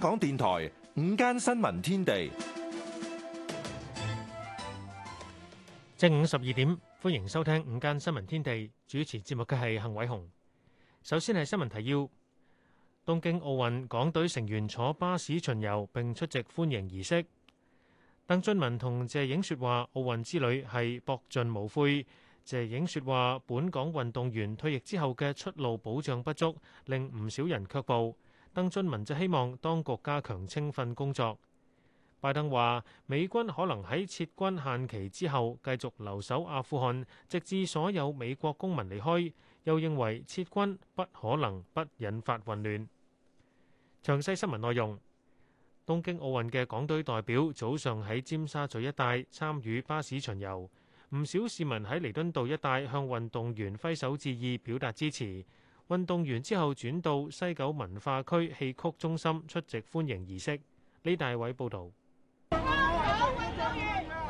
香港電台，午間新聞天地，正午十二點，歡迎收聽午間新聞天地。主持節目嘅係幸偉雄。首先係新聞提要：東京奧運港隊成員坐巴士巡遊，並出席歡迎儀式。鄧俊文同謝影雪話奧運之旅係博盡無悔。謝影雪話本港運動員退役之後嘅出路保障不足，令唔少人卻步。鄧俊文就希望當局加強清紮工作。拜登話：美軍可能喺撤軍限期之後繼續留守阿富汗，直至所有美國公民離開。又認為撤軍不可能不引發混亂。詳細新聞內容。東京奧運嘅港隊代表早上喺尖沙咀一帶參與巴士巡遊，唔少市民喺彌敦道一帶向運動員揮手致意，表達支持。運動完之後轉到西九文化區戲曲中心出席歡迎儀式。李大偉報導。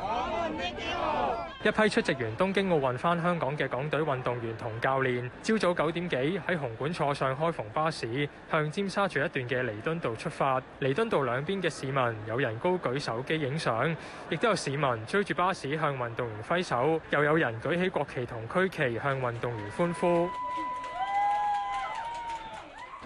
啊、 一批出席完東京奧運返香港嘅港隊運動員同教練，朝早九點幾喺紅館坐上開篷巴士，向尖沙咀一段嘅彌敦道出發。彌敦道兩邊嘅市民，有人高舉手機影相，亦都有市民追住巴士向運動員揮手，又有人舉起國旗同區旗向運動員歡呼。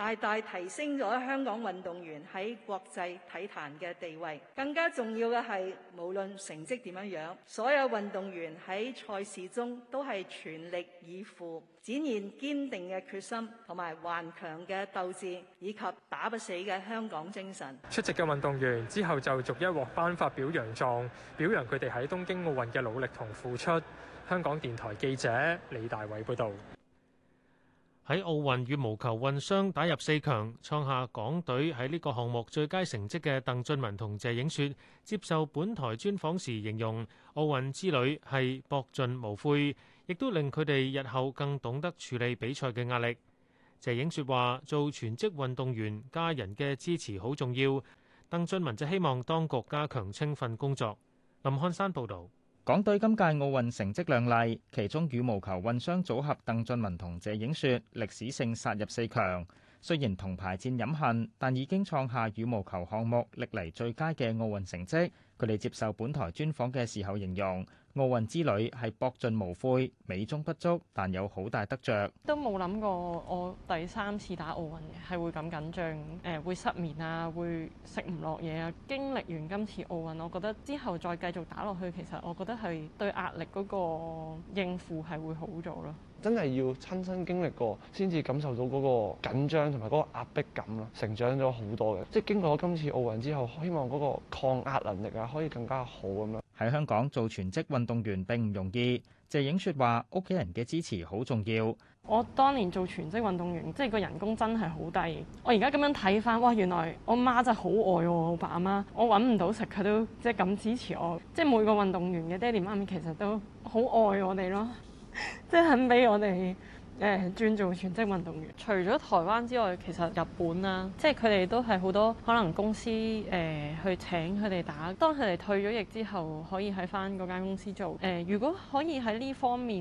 大大提升咗香港運動員喺國際體壇嘅地位。更加重要嘅係，無論成績點樣樣，所有運動員喺賽事中都係全力以赴，展現堅定嘅決心同埋頑強嘅鬥志，以及打不死嘅香港精神。出席嘅運動員之後就逐一獲頒發表揚狀，表揚佢哋喺東京奧運嘅努力同付出。香港電台記者李大偉報道。喺奧運羽毛球混雙打入四強，創下港隊喺呢個項目最佳成績嘅鄧俊文同謝影雪，接受本台專訪時形容奧運之旅係搏盡無悔，亦都令佢哋日後更懂得處理比賽嘅壓力。謝影雪話做全職運動員，家人嘅支持好重要。鄧俊文就希望當局加強青訓工作。林漢山報道。港隊今屆奧運成績亮麗，其中羽毛球混雙組合鄧俊文同謝影雪歷史性殺入四強。雖然銅牌戰飲恨，但已經創下羽毛球項目歷嚟最佳嘅奧運成績。佢哋接受本台專訪嘅時候形容，奧運之旅係搏盡無悔，美中不足，但有好大得着。都冇諗過我第三次打奧運嘅係會咁緊張，誒、呃、會失眠啊，會食唔落嘢啊。經歷完今次奧運，我覺得之後再繼續打落去，其實我覺得係對壓力嗰個應付係會好咗咯。真係要親身經歷過，先至感受到嗰個緊張同埋嗰個壓迫感咯。成長咗好多嘅，即係經過今次奧運之後，希望嗰個抗壓能力啊，可以更加好咁樣。喺香港做全職運動員並唔容易。謝影雪話：屋企人嘅支持好重要。我當年做全職運動員，即係個人工真係好低。我而家咁樣睇返，哇！原來我媽真係好愛我，啊，我爸阿媽，我揾唔到食佢都即係噉支持我。即係每個運動員嘅爹哋媽咪其實都好愛我哋咯。即係肯俾我哋。誒，轉做全職運動員。除咗台灣之外，其實日本啦，即係佢哋都係好多可能公司誒、呃、去請佢哋打。當佢哋退咗役之後，可以喺返嗰間公司做。誒、呃，如果可以喺呢方面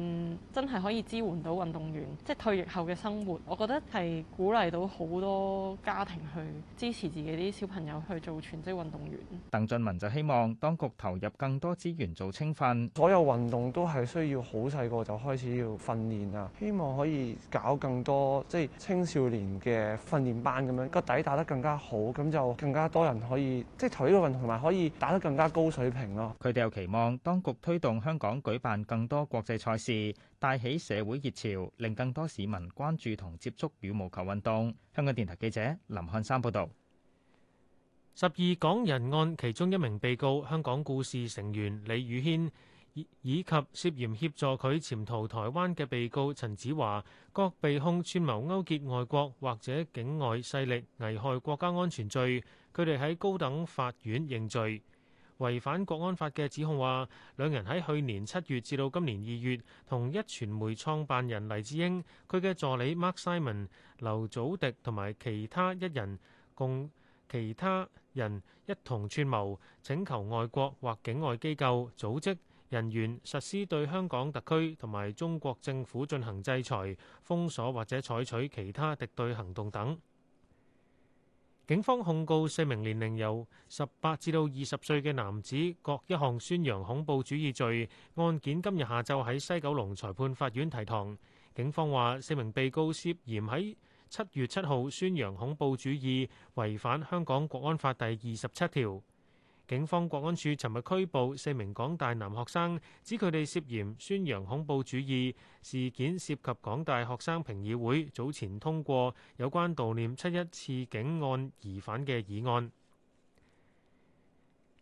真係可以支援到運動員，即係退役後嘅生活，我覺得係鼓勵到好多家庭去支持自己啲小朋友去做全職運動員。鄧俊文就希望當局投入更多資源做青訓。所有運動都係需要好細個就開始要訓練啊，希望可以。可以搞更多即係青少年嘅訓練班，咁樣個底打得更加好，咁就更加多人可以即係投呢個運動，同埋可以打得更加高水平咯。佢哋又期望當局推動香港舉辦更多國際賽事，帶起社會熱潮，令更多市民關注同接觸羽毛球運動。香港電台記者林漢山報道。十二港人案其中一名被告，香港故事成員李宇軒。以及涉嫌協助佢潛逃台灣嘅被告陳子華，各被控串謀勾結外國或者境外勢力，危害國家安全罪。佢哋喺高等法院認罪，違反國安法嘅指控話兩人喺去年七月至到今年二月，同一傳媒創辦人黎智英、佢嘅助理 Mark Simon、劉祖迪同埋其他一人共其他人一同串謀請求外國或境外機構組織。人員實施對香港特區同埋中國政府進行制裁、封鎖或者採取其他敵對行動等。警方控告四名年齡由十八至到二十歲嘅男子各一項宣揚恐怖主義罪。案件今日下晝喺西九龍裁判法院提堂。警方話四名被告涉嫌喺七月七號宣揚恐怖主義，違反香港國安法第二十七條。警方國安處尋日拘捕四名港大男學生，指佢哋涉嫌宣揚恐怖主義。事件涉及港大學生評議會早前通過有關悼念七一刺警案疑犯嘅議案。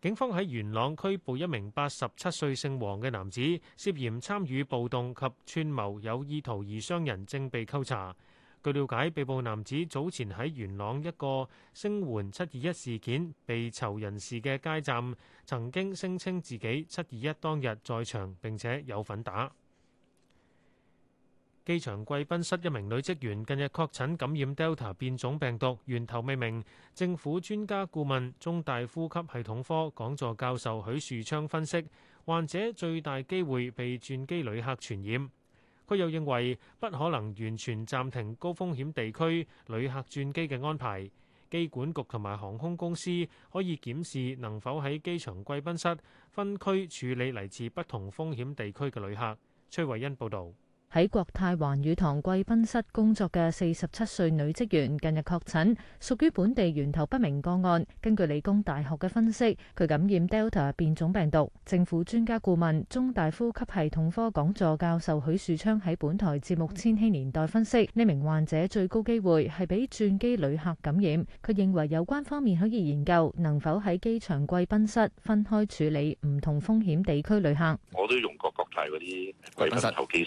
警方喺元朗拘捕一名八十七歲姓黃嘅男子，涉嫌參與暴動及串謀有意圖而傷人，正被扣查。據了解，被捕男子早前喺元朗一個聲援七二一事件被囚人士嘅街站，曾經聲稱自己七二一當日在場並且有份打。機場貴賓室一名女職員近日確診感染 Delta 變種病毒，源頭未明。政府專家顧問、中大呼吸系統科講座教授許樹昌分析，患者最大機會被轉機旅客傳染。佢又認為不可能完全暫停高風險地區旅客轉機嘅安排，機管局同埋航空公司可以檢視能否喺機場貴賓室分區處理嚟自不同風險地區嘅旅客。崔慧欣報導。喺國泰寰宇堂貴賓室工作嘅四十七歲女職員近日確診，屬於本地源頭不明個案。根據理工大學嘅分析，佢感染 Delta 變種病毒。政府專家顧問、中大呼吸系統科講座教授許樹昌喺本台節目《千禧年代》分析，呢名患者最高機會係俾轉機旅客感染。佢認為有關方面可以研究能否喺機場貴賓室分開處理唔同風險地區旅客。我都用過國泰嗰啲貴賓室候機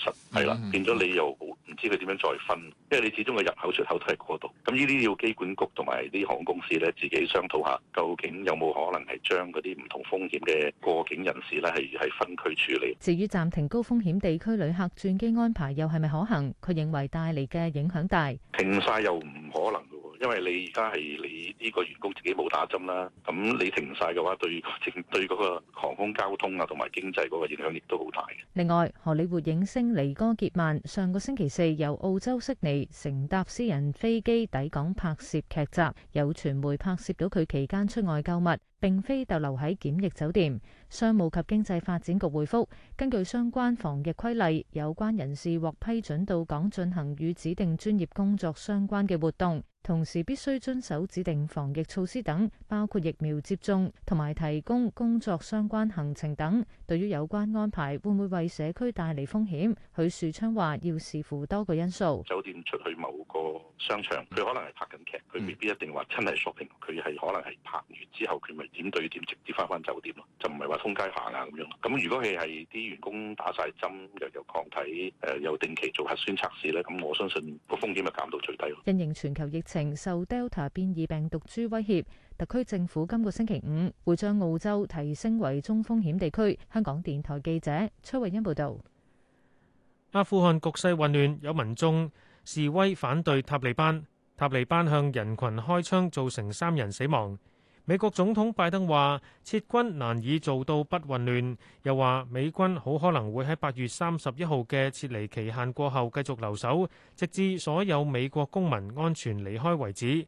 變咗你又唔知佢點樣再分，因為你始終個入口出口都係度，咁呢啲要機管局同埋啲航空公司咧自己商討下，究竟有冇可能係將嗰啲唔同風險嘅過境人士咧係係分區處理。至於暫停高風險地區旅客轉機安排又係咪可行？佢認為帶嚟嘅影響大，停晒又唔可能。因為你而家係你呢個員工自己冇打針啦，咁你停晒嘅話，對對對嗰個航空交通啊，同埋經濟嗰個影響亦都好大。另外，荷里活影星妮歌潔曼上個星期四由澳洲悉尼乘搭私人飛機抵港拍攝劇集，有傳媒拍攝到佢期間出外購物，並非逗留喺檢疫酒店。商務及經濟發展局回覆，根據相關防疫規例，有關人士獲批准到港進行與指定專業工作相關嘅活動。同時必須遵守指定防疫措施等，包括疫苗接種同埋提供工作相關行程等。對於有關安排會唔會為社區帶嚟風險？許樹昌話要視乎多個因素。酒店出去某個商場，佢可能係拍緊劇，佢未必一定話真係 shopping，佢係可能係拍完之後佢咪點對點直接翻翻酒店咯，就唔係話通街行啊咁樣。咁如果係係啲員工打晒針又有抗體，誒又定期做核酸測試咧，咁我相信個風險咪減到最低咯。因應全球疫。受 Delta 變異病毒株威脅，特區政府今個星期五會將澳洲提升為中風險地區。香港電台記者崔慧欣報導。阿富汗局勢混亂，有民眾示威反對塔利班，塔利班向人群開槍，造成三人死亡。美國總統拜登話撤軍難以做到不混亂，又話美軍好可能會喺八月三十一號嘅撤離期限過後繼續留守，直至所有美國公民安全離開為止。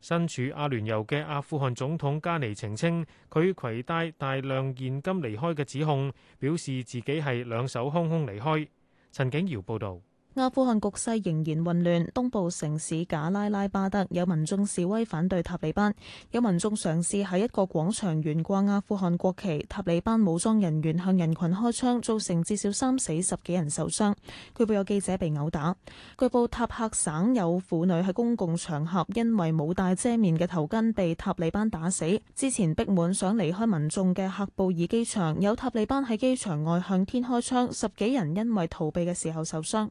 身處阿聯酋嘅阿富汗總統加尼澄清，佢携帶大量現金離開嘅指控，表示自己係兩手空空離開。陳景堯報道。阿富汗局勢仍然混亂，東部城市賈拉拉巴德有民眾示威反對塔利班，有民眾嘗試喺一個廣場懸掛阿富汗國旗，塔利班武裝人員向人群開槍，造成至少三死十幾人受傷。據報有記者被毆打。據報塔克省有婦女喺公共場合因為冇戴遮面嘅頭巾被塔利班打死。之前逼滿想離開民眾嘅喀布爾機場，有塔利班喺機場外向天開槍，十幾人因為逃避嘅時候受傷。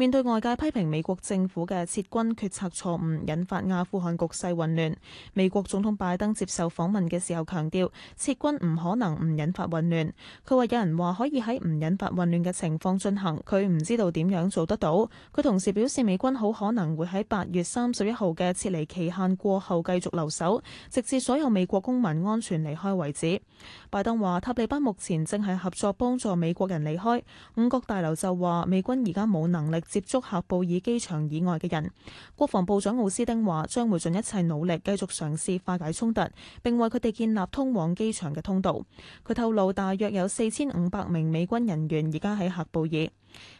面對外界批評美國政府嘅撤軍決策錯誤，引發阿富汗局勢混亂，美國總統拜登接受訪問嘅時候強調，撤軍唔可能唔引發混亂。佢話：有人話可以喺唔引發混亂嘅情況進行，佢唔知道點樣做得到。佢同時表示，美軍好可能會喺八月三十一號嘅撤離期限過後繼續留守，直至所有美國公民安全離開為止。拜登話：塔利班目前正係合作幫助美國人離開。五角大樓就話：美軍而家冇能力接觸喀布爾機場以外嘅人，國防部長奧斯丁話將會盡一切努力繼續嘗試化解衝突，並為佢哋建立通往機場嘅通道。佢透露大約有四千五百名美軍人員而家喺喀布爾。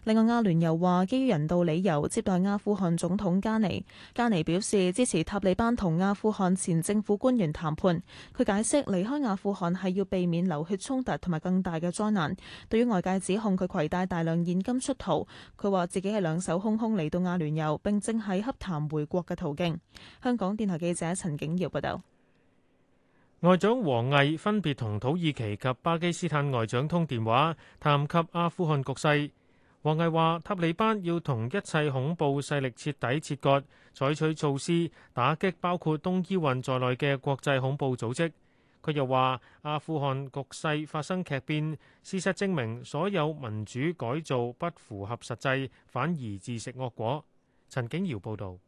另外，阿聯酋話，基於人道理由接待阿富汗總統加尼。加尼表示支持塔利班同阿富汗前政府官員談判。佢解釋離開阿富汗係要避免流血衝突同埋更大嘅災難。對於外界指控佢攜帶大量現金出逃，佢話自己係兩手空空嚟到阿聯酋，並正喺洽談回國嘅途徑。香港電台記者陳景堯報道，外長王毅分別同土耳其及巴基斯坦外長通電話，談及阿富汗局勢。王毅話：塔利班要同一切恐怖勢力徹底切割，採取措施打擊包括東伊運在內嘅國際恐怖組織。佢又話：阿富汗局勢發生劇變，事實證明所有民主改造不符合實際，反而自食惡果。陳景堯報道。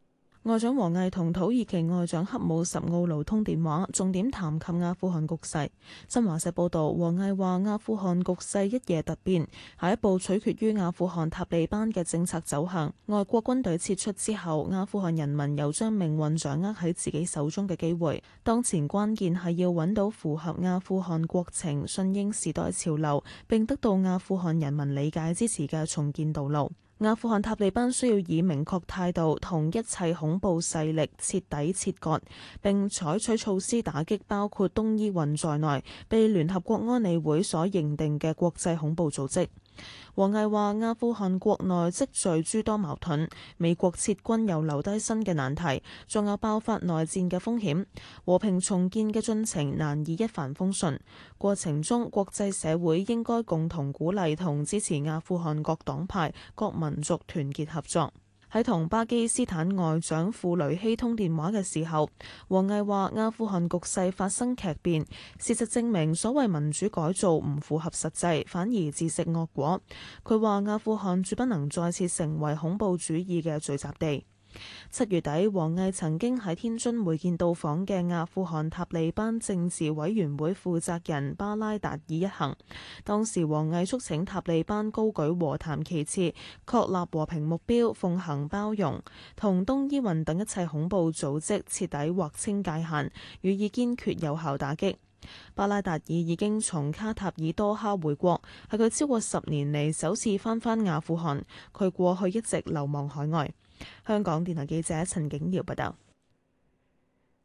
外長王毅同土耳其外長恰武什奧盧通電話，重點談及阿富汗局勢。新華社報道，王毅話：阿富汗局勢一夜突變，下一步取決於阿富汗塔利班嘅政策走向。外國軍隊撤出之後，阿富汗人民有將命運掌握喺自己手中嘅機會。當前關鍵係要揾到符合阿富汗國情、順應時代潮流，並得到阿富汗人民理解支持嘅重建道路。阿富汗塔利班需要以明確態度同一切恐怖勢力徹底切割，并采取措施打擊包括東伊運在內被聯合國安理會所認定嘅國際恐怖組織。王毅話：阿富汗國內積聚諸多矛盾，美國撤軍又留低新嘅難題，仲有爆發內戰嘅風險。和平重建嘅進程難以一帆風順，過程中，國際社會應該共同鼓勵同支持阿富汗各黨派、各民族團結合作。喺同巴基斯坦外長庫雷希通電話嘅時候，王毅話，阿富汗局勢發生劇變，事實證明所謂民主改造唔符合實際，反而自食惡果。佢話，阿富汗絕不能再次成為恐怖主義嘅聚集地。七月底，王毅曾經喺天津會見到訪嘅阿富汗塔利班政治委員會負責人巴拉達爾一行。當時，王毅促請塔利班高舉和談旗幟，確立和平目標，奉行包容，同東伊運等一切恐怖組織徹底劃清界限，予以堅決有效打擊。巴拉達爾已經從卡塔爾多哈回國，係佢超過十年嚟首次翻返阿富汗。佢過去一直流亡海外。香港電台記者陳景堯報道：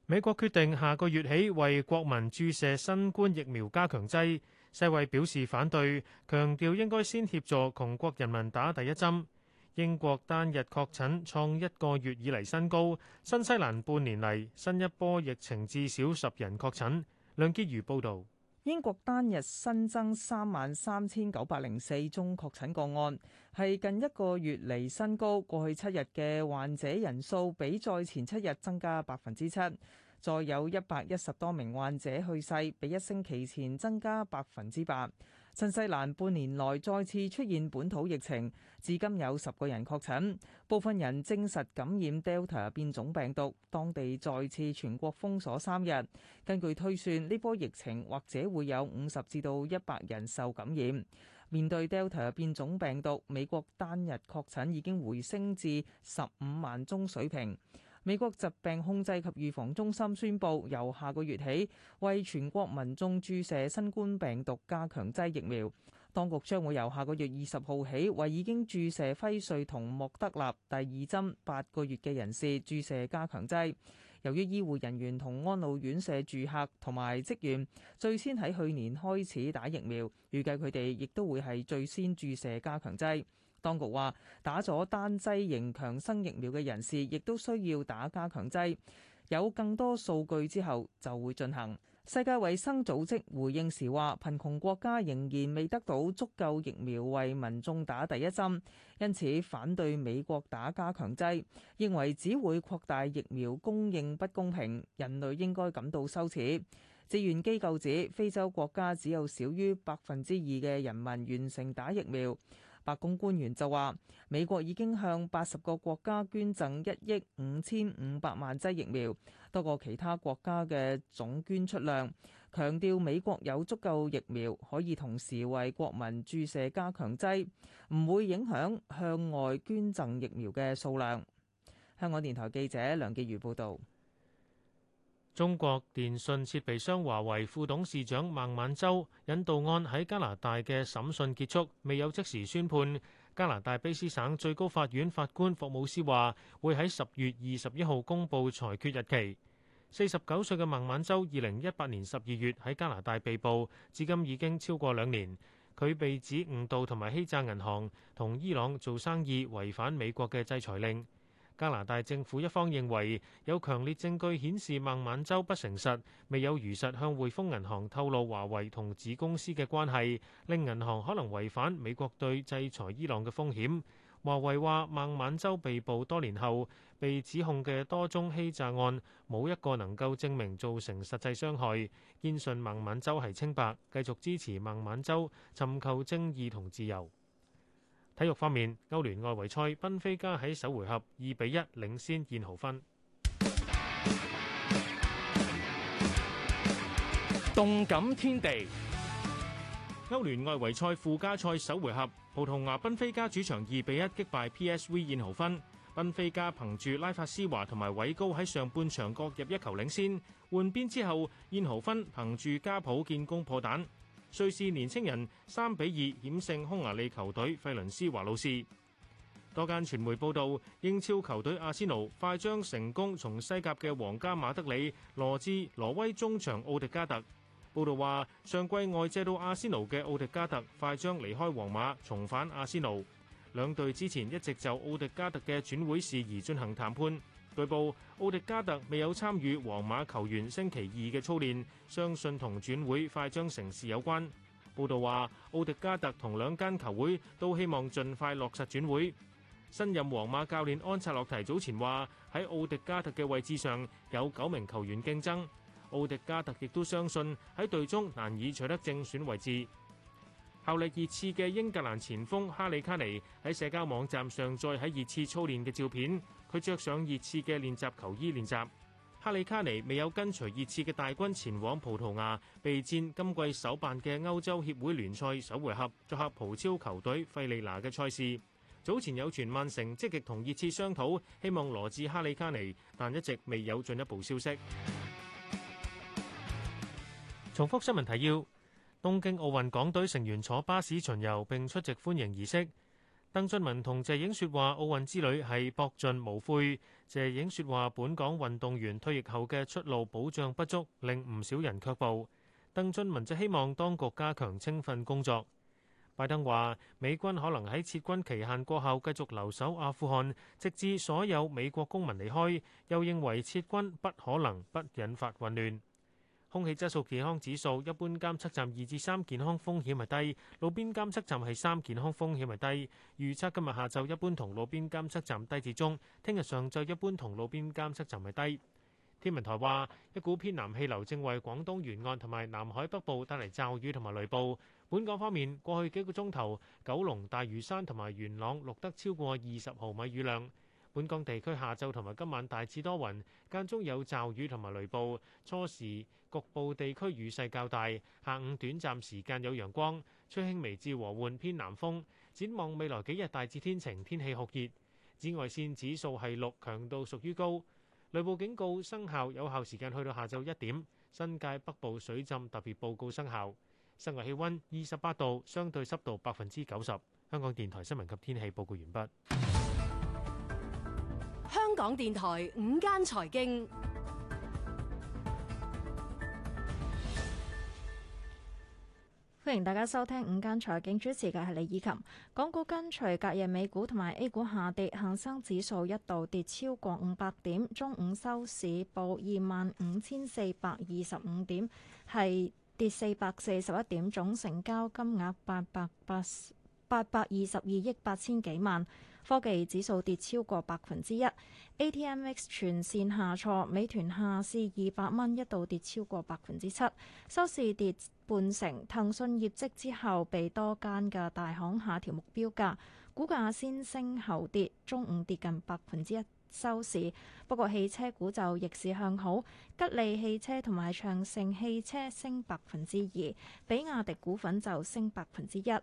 美國決定下個月起為國民注射新冠疫苗加強劑，世衛表示反對，強調應該先協助窮國人民打第一針。英國單日確診創一個月以嚟新高，新西蘭半年嚟新一波疫情至少十人確診。梁潔如報道。英國單日新增三萬三千九百零四宗確診個案，係近一個月嚟新高。過去七日嘅患者人數比再前七日增加百分之七。再有一百一十多名患者去世，比一星期前增加百分之八。新西蘭半年內再次出現本土疫情，至今有十個人確診，部分人證實感染 Delta 變種病毒，當地再次全國封鎖三日。根據推算，呢波疫情或者會有五十至到一百人受感染。面對 Delta 變種病毒，美國單日確診已經回升至十五萬宗水平。美國疾病控制及預防中心宣布，由下個月起為全國民眾注射新冠病毒加強劑疫苗。當局將會由下個月二十號起，為已經注射輝瑞同莫德納第二針八個月嘅人士注射加強劑。由於醫護人員同安老院舍住客同埋職員最先喺去年開始打疫苗，預計佢哋亦都會係最先注射加強劑。當局話，打咗單劑型強生疫苗嘅人士，亦都需要打加強劑。有更多數據之後就會進行。世界衞生組織回應時話，貧窮國家仍然未得到足夠疫苗為民眾打第一針，因此反對美國打加強劑，認為只會擴大疫苗供應不公平，人類應該感到羞恥。志願機構指，非洲國家只有少於百分之二嘅人民完成打疫苗。白宮官員就話：美國已經向八十個國家捐贈一億五千五百萬劑疫苗，多過其他國家嘅總捐出量，強調美國有足夠疫苗，可以同時為國民注射加強劑，唔會影響向外捐贈疫苗嘅數量。香港電台記者梁健如報導。中國電信設備商華為副董事長孟晚舟引渡案喺加拿大嘅審訊結束，未有即時宣判。加拿大卑斯省最高法院法官霍姆斯話，會喺十月二十一號公布裁決日期。四十九歲嘅孟晚舟，二零一八年十二月喺加拿大被捕，至今已經超過兩年。佢被指誤導同埋欺詐銀行，同伊朗做生意違反美國嘅制裁令。加拿大政府一方認為有強烈證據顯示孟晚舟不誠實，未有如實向匯豐銀行透露華為同子公司嘅關係，令銀行可能違反美國對制裁伊朗嘅風險。華為話孟晚舟被捕多年後，被指控嘅多宗欺詐案冇一個能夠證明造成實際傷害，堅信孟晚舟係清白，繼續支持孟晚舟尋求正義同自由。體育方面，歐聯外圍賽，賓菲加喺首回合二比一領先燕豪芬。動感天地，歐聯外圍賽附加賽首回合，葡萄牙賓菲加主場二比一擊敗 PSV 燕豪芬。賓菲加憑住拉法斯華同埋韋高喺上半場各入一球領先，換邊之後，燕豪芬憑住加普建功破蛋。瑞士年青人三比二險勝匈牙利球隊費倫斯華路士。多間傳媒報道，英超球隊阿仙奴快將成功從西甲嘅皇家馬德里羅致挪威中場奧迪加特。報道話，上季外借到阿仙奴嘅奧迪加特快將離開皇馬，重返阿仙奴。兩隊之前一直就奧迪加特嘅轉會事宜進行談判。據報，奧迪加特未有參與皇馬球員星期二嘅操練，相信同轉會快將成事有關。報導話，奧迪加特同兩間球會都希望盡快落實轉會。新任皇馬教練安察洛提早前話，喺奧迪加特嘅位置上有九名球員競爭。奧迪加特亦都相信喺隊中難以取得正選位置。效力熱刺嘅英格蘭前鋒哈里卡尼喺社交網站上載喺熱刺操練嘅照片，佢着上熱刺嘅練習球衣練習。哈里卡尼未有跟隨熱刺嘅大軍前往葡萄牙備戰今季首辦嘅歐洲協會聯賽首回合作客葡超球隊費利拿嘅賽事。早前有傳曼城積極同熱刺商討，希望羅致哈里卡尼，但一直未有進一步消息。重複新聞提要。東京奧運港隊成員坐巴士巡遊並出席歡迎儀式。鄧俊文同謝影雪話：奧運之旅係博盡無悔。謝影雪話：本港運動員退役後嘅出路保障不足，令唔少人卻步。鄧俊文就希望當局加強青訓工作。拜登話：美軍可能喺撤軍期限過後繼續留守阿富汗，直至所有美國公民離開。又認為撤軍不可能不引發混亂。空氣質素健康指數，一般監測站二至三，健康風險係低，路邊監測站係三，健康風險係低。預測今日下晝一般同路邊監測站低至中，聽日上晝一般同路邊監測站係低。天文台話，一股偏南氣流正為廣東沿岸同埋南海北部帶嚟驟雨同埋雷暴。本港方面，過去幾個鐘頭，九龍、大嶼山同埋元朗錄得超過二十毫米雨量。本港地區下晝同埋今晚大致多雲間中有驟雨同埋雷暴，初時局部地區雨勢較大。下午短暫時間有陽光，吹輕微至和緩偏南風，展望未來幾日大致天晴，天氣酷熱，紫外線指數係六，強度屬於高。雷暴警告生效，有效時間去到下晝一點，新界北部水浸特別報告生效。室外氣溫二十八度，相對濕度百分之九十。香港電台新聞及天氣報告完畢。香港電台午間財經，歡迎大家收聽午間財經，主持嘅係李以琴。港股跟隨隔夜美股同埋 A 股下跌，恒生指數一度跌超過五百點，中午收市報二萬五千四百二十五點，係跌四百四十一點，總成交金額八百八八百二十二億八千幾萬。科技指數跌超過百分之一，ATMX 全線下挫，美團下市二百蚊一度跌超過百分之七，收市跌半成。騰訊業績之後被多間嘅大行下調目標價，股價先升後跌，中午跌近百分之一收市。不過汽車股就逆市向好，吉利汽車同埋長城汽車升百分之二，比亞迪股份就升百分之一。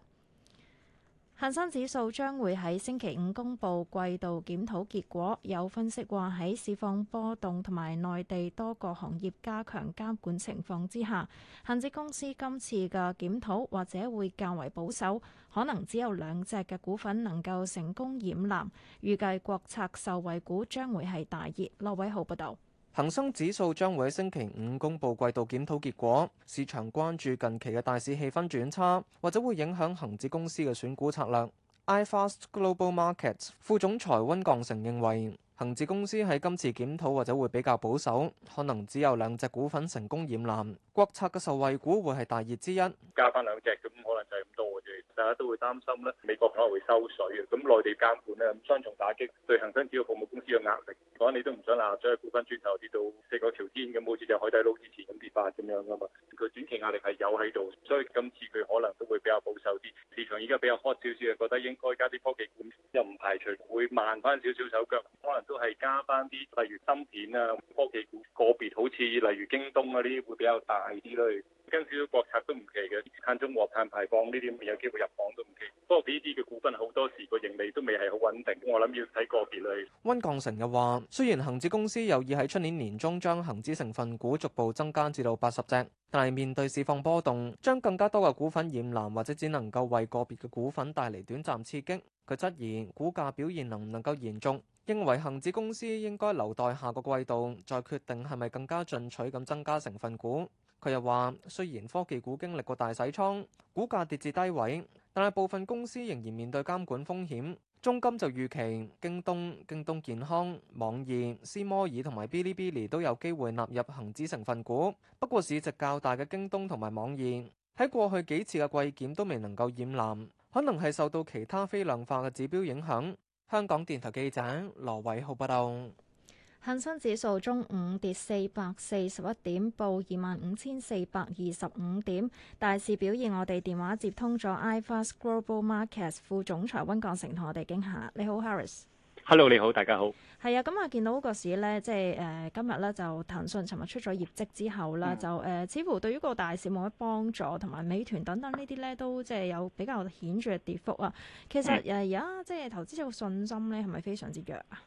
恒生指數將會喺星期五公布季度檢討結果，有分析話喺市況波動同埋內地多個行業加強監管情況之下，恒指公司今次嘅檢討或者會較為保守，可能只有兩隻嘅股份能夠成功染藍。預計國策受惠股將會係大熱。駱偉豪報道。恒生指數將會喺星期五公布季度檢討結果，市場關注近期嘅大市氣氛轉差，或者會影響恒指公司嘅選股策略。iFast Global Markets 副總裁温鋼成認為。恒指公司喺今次檢討或者會比較保守，可能只有兩隻股份成功染藍。國策嘅受惠股會係大熱之一，加翻兩隻咁可能就係咁多嘅啫。大家都會擔心咧，美國可能會收水嘅，咁內地監管咧，咁雙重打擊對恒生主要服務公司嘅壓力，講你都唔想話將股份轉售啲到四個條件咁，好似隻海底撈之前咁跌法咁樣噶嘛。佢短期壓力係有喺度，所以今次佢可能都會比較保守啲。市場依家比較 hot 少少，覺得應該加啲科技股，又唔排除會慢翻少少手腳，可能。都係加翻啲，例如芯片啊，科技股個別好似例如京東嗰啲會比較大啲咯。跟少少國策都唔奇嘅，碳中和碳排放呢啲未有機會入榜都唔奇。不過佢呢啲嘅股份好多時個盈利都未係好穩定，我諗要睇個別啦。溫鋼成又話，雖然恆指公司有意喺出年年中將恆指成分股逐步增加至到八十隻，但係面對市況波動，將更加多嘅股份染藍或者只能夠為個別嘅股份帶嚟短暫刺激。佢質疑股價表現能唔能夠延續，認為恆指公司應該留待下個季度再決定係咪更加進取咁增加成分股。佢又話：雖然科技股經歷過大洗倉，股價跌至低位，但係部分公司仍然面對監管風險。中金就預期，京東、京東健康、網易、斯摩爾同埋 Bilibili 都有機會納入恒指成分股。不過市值較大嘅京東同埋網易喺過去幾次嘅季檢都未能夠染藍，可能係受到其他非量化嘅指標影響。香港電台記者羅偉浩報道。恒生指數中午跌四百四十一點，報二萬五千四百二十五點，大市表現。我哋電話接通咗 iFast Global Markets 副總裁温國成，同我哋傾下。你好，Harris。Har Hello，你好，大家好。係啊，咁、嗯、啊，嗯嗯嗯、見到個市咧，即係誒、呃，今日咧就騰訊尋日出咗業績之後啦，就誒、呃，似乎對於個大市冇乜幫助，同埋美團等等呢啲咧都即係有比較顯著嘅跌幅啊。其實誒而家即係投資者個信心咧，係咪非常之弱啊？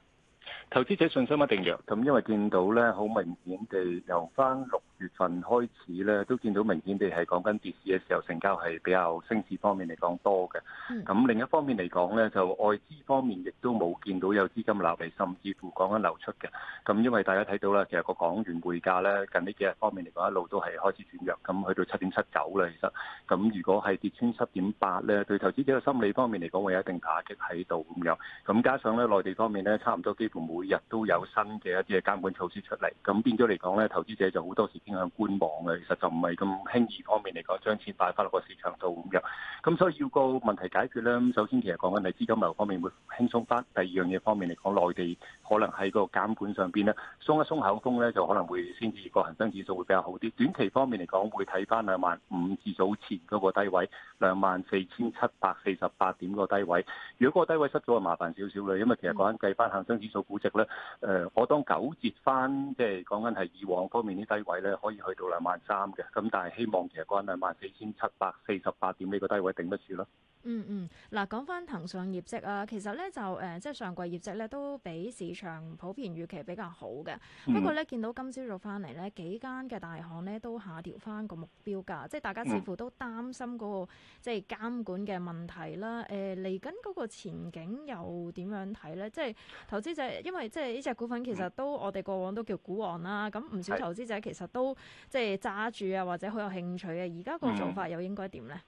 投資者信心一定弱，咁因為見到咧，好明顯，佢由翻六月份開始咧，都見到明顯地係講緊跌市嘅時候，成交係比較升市方面嚟講多嘅。咁另一方面嚟講咧，就外資方面亦都冇見到有資金流嚟，甚至乎講緊流出嘅。咁因為大家睇到啦，其實個港元匯價咧近呢幾日方面嚟講，一路都係開始轉弱，咁去到七點七九啦。其實咁如果係跌穿七點八咧，對投資者嘅心理方面嚟講，會有一定打擊喺度咁樣。咁加上咧內地方面咧，差唔多幾乎每日都有新嘅一啲嘅監管措施出嚟，咁變咗嚟講咧，投資者就好多時。影響觀望嘅，其實就唔係咁輕易方面嚟講，將錢擺翻落個市場度咁樣。咁所以要個問題解決咧，首先其實講緊係資金流方面會輕鬆翻。第二樣嘢方面嚟講，內地可能喺個監管上邊咧，鬆一鬆口風咧，就可能會先至個恒生指數會比較好啲。短期方面嚟講，會睇翻兩萬五至早前嗰個低位，兩萬四千七百四十八點個低位。如果個低位失咗，就麻煩少少啦。因為其實講緊計翻恒生指數估值咧，誒、呃，我當九折翻，即係講緊係以往方面啲低位咧。可以去到兩萬三嘅，咁但係希望其實關兩萬四千七百四十八點呢個低位頂得住咯。嗯嗯，嗱、嗯，講翻騰訊業績啊，其實咧就誒、呃，即係上季業績咧都比市場普遍預期比較好嘅。嗯、不過咧，見到今朝早翻嚟咧，幾間嘅大行咧都下調翻個目標價，即係大家似乎都擔心嗰、那個即係監管嘅問題啦。誒、呃，嚟緊嗰個前景又點樣睇咧？即係投資者，因為即係呢隻股份其實都、嗯、我哋過往都叫股王啦。咁唔少投資者其實都即係揸住啊，或者好有興趣啊。而家個做法又應該點咧？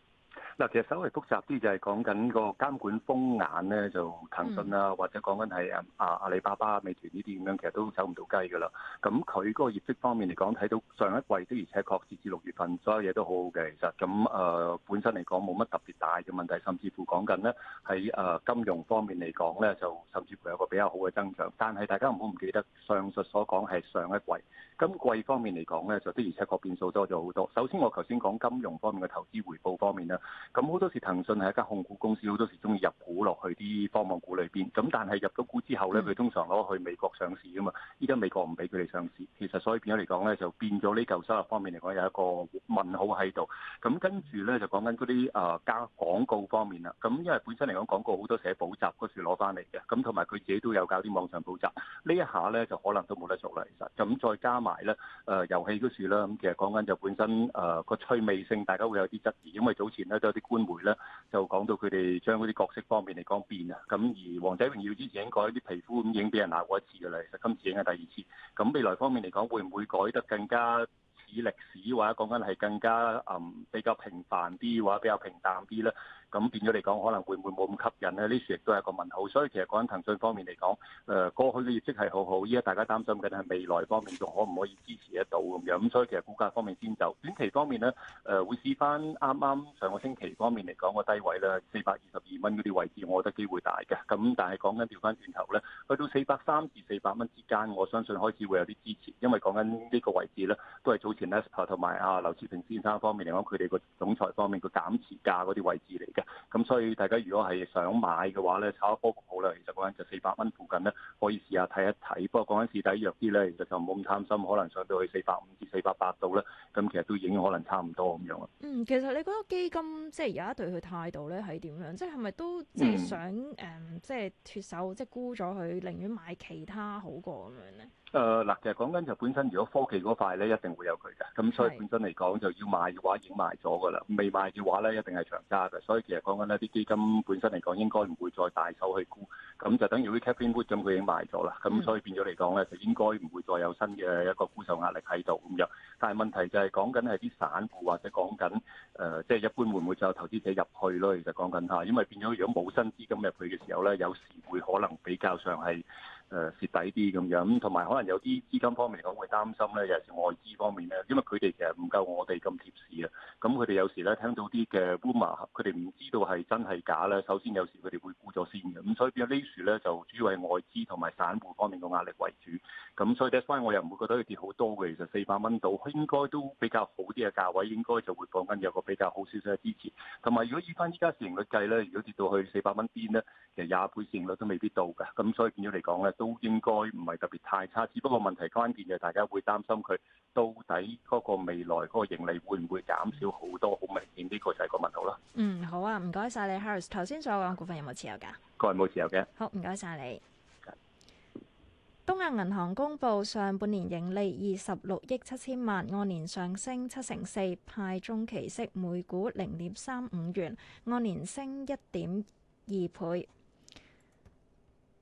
嗱，其實稍微複雜啲就係講緊個監管風眼咧，就騰訊啊，嗯、或者講緊係啊啊阿里巴巴、美團呢啲咁樣，其實都走唔到雞㗎喇。咁佢嗰個業績方面嚟講，睇到上一季的，而且確截至六月份，所有嘢都好好嘅。其實咁誒、呃，本身嚟講冇乜特別大嘅問題，甚至乎講緊咧喺誒金融方面嚟講咧，就甚至乎有個比較好嘅增長。但係大家唔好唔記得上述所講係上一季。今季方面嚟講咧，就的而且確變數多咗好多。首先，我頭先講金融方面嘅投資回報方面啦。咁好多時騰訊係一間控股公司，好多時中意入股落去啲科網股裏邊。咁但係入咗股之後咧，佢通常攞去美國上市噶嘛。依家美國唔俾佢哋上市，其實所以變咗嚟講咧，就變咗呢嚿收入方面嚟講有一個問號喺度。咁跟住咧就講緊嗰啲啊加廣告方面啦。咁因為本身嚟講廣告好多時喺補習嗰時攞翻嚟嘅，咁同埋佢自己都有搞啲網上補習。一呢一下咧就可能都冇得做啦。其實咁再加埋咧，誒遊戲嗰樹啦，咁其實講緊就本身誒個趣味性，大家會有啲質疑，因為早前咧都有啲官媒咧就講到佢哋將嗰啲角色方面嚟講變啊，咁而王《王者榮耀》之前已經改啲皮膚，咁已經俾人鬧過一次噶啦，其實今次已經係第二次。咁未來方面嚟講，會唔會改得更加似歷史，或者講緊係更加嗯比較平凡啲，或者比較平淡啲咧？咁變咗嚟講，可能會唔會冇咁吸引咧？呢次亦都係一個問號。所以其實講緊騰訊方面嚟講，誒過去嘅業績係好好，依家大家擔心緊係未來方面仲可唔可以支持得到咁樣？咁所以其實股價方面先走，短期方面咧，誒會試翻啱啱上個星期方面嚟講個低位咧，四百二十二蚊嗰啲位置，我覺得機會大嘅。咁但係講緊調翻轉頭咧，去到四百三至四百蚊之間，我相信開始會有啲支持，因為講緊呢個位置咧，都係早前咧同埋阿劉熾平先生方面嚟講，佢哋個總裁方面個減持價嗰啲位置嚟。咁所以大家如果係想買嘅話咧，炒波好啦，其實講緊就四百蚊附近咧，可以試下睇一睇。不過講緊市底弱啲咧，其實就冇咁貪心，可能上到去四百五至四百八度咧，咁其實都已經可能差唔多咁樣啦。嗯，其實你覺得基金即係而家對佢態度咧係點樣？即係係咪都即係想誒，即係脫手，即係沽咗佢，寧願買其他好過咁樣咧？誒嗱、呃，其實講緊就本身，如果科技嗰塊咧，一定會有佢嘅。咁所以本身嚟講，是就要賣嘅話已經賣咗嘅啦。未賣嘅話咧，一定係長揸嘅。所以其實講緊呢啲基金本身嚟講，應該唔會再大手去沽。咁就等於 Cathie Wood 咁，佢已經賣咗啦。咁所以變咗嚟講咧，嗯、就應該唔會再有新嘅一個沽售壓力喺度咁樣。但係問題就係講緊係啲散戶或者講緊誒，即、呃、係、就是、一般會唔會就投資者入去咯？其實講緊嚇，因為變咗，如果冇新資金入去嘅時候咧，有時會可能比較上係。誒蝕底啲咁樣，咁同埋可能有啲資金方面嚟講會擔心咧，有時外資方面咧，因為佢哋其實唔夠我哋咁貼士啊。咁佢哋有時咧聽到啲嘅 rumor，佢哋唔知道係真係假咧。首先有時佢哋會沽咗先嘅。咁所以邊個呢樹咧就主要係外資同埋散戶方面嘅壓力為主。咁所以第一我又唔會覺得佢跌好多嘅。其實四百蚊到應該都比較好啲嘅價位，應該就會放緊有個比較好少少嘅支持。同埋如果以翻依家市盈率計咧，如果跌到去四百蚊邊咧，其實廿倍市盈率都未必到㗎。咁所以變咗嚟講咧。都應該唔係特別太差，只不過問題關鍵就係大家會擔心佢到底嗰個未來嗰個盈利會唔會減少好多，好明顯呢個就係個問號啦。嗯，好啊，唔該晒你，Harris。頭先所講股份有冇持有㗎？個人冇持有嘅。好，唔該晒你。東亞銀行公布上半年盈利二十六億七千萬，按年上升七成四，派中期息每股零點三五元，按年升一點二倍。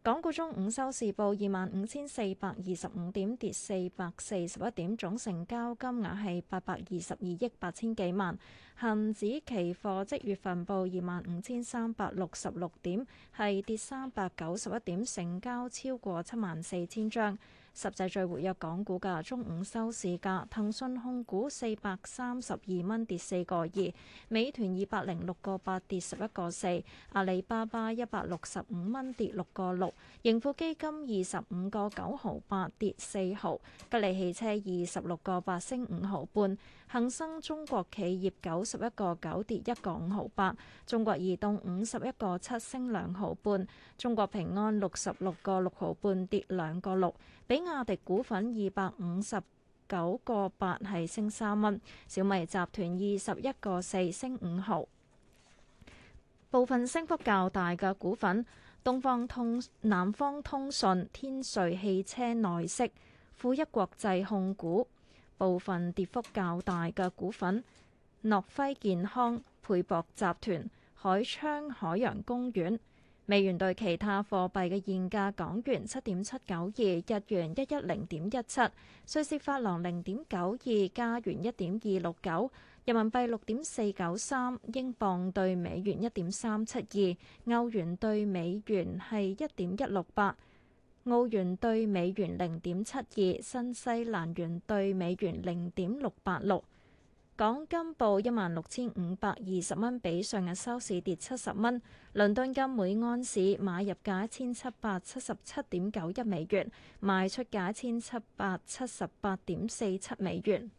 港股中午收市報二萬五千四百二十五點，跌四百四十一點，總成交金額係八百二十二億八千幾萬。恒指期貨即月份報二萬五千三百六十六點，係跌三百九十一點，成交超過七萬四千張。實際最活躍港股價中午收市價，騰訊控股四百三十二蚊跌四個二，美團二百零六個八跌十一個四，阿里巴巴一百六十五蚊跌六個六，盈富基金二十五個九毫八跌四毫，吉利汽車二十六個八升五毫半，恒生中國企業九十一個九跌一個五毫八，中國移動五十一個七升兩毫半，中國平安六十六個六毫半跌兩個六。比亞迪股份二百五十九個八係升三蚊，小米集團二十一個四升五毫。部分升幅較大嘅股份：東方通、南方通訊、天瑞汽車內飾、富一國際控股。部分跌幅較大嘅股份：諾輝健康、佩博集團、海昌海洋公園。美元兌其他貨幣嘅現價：港元七點七九二，日元一一零點一七，瑞士法郎零點九二，加元一點二六九，人民幣六點四九三，英鎊對美元一點三七二，歐元對美元係一點一六八，澳元對美元零點七二，新西蘭元對美元零點六八六。港金報一萬六千五百二十蚊，比上日收市跌七十蚊。倫敦金每安士買入價一千七百七十七點九一美元，賣出價一千七百七十八點四七美元。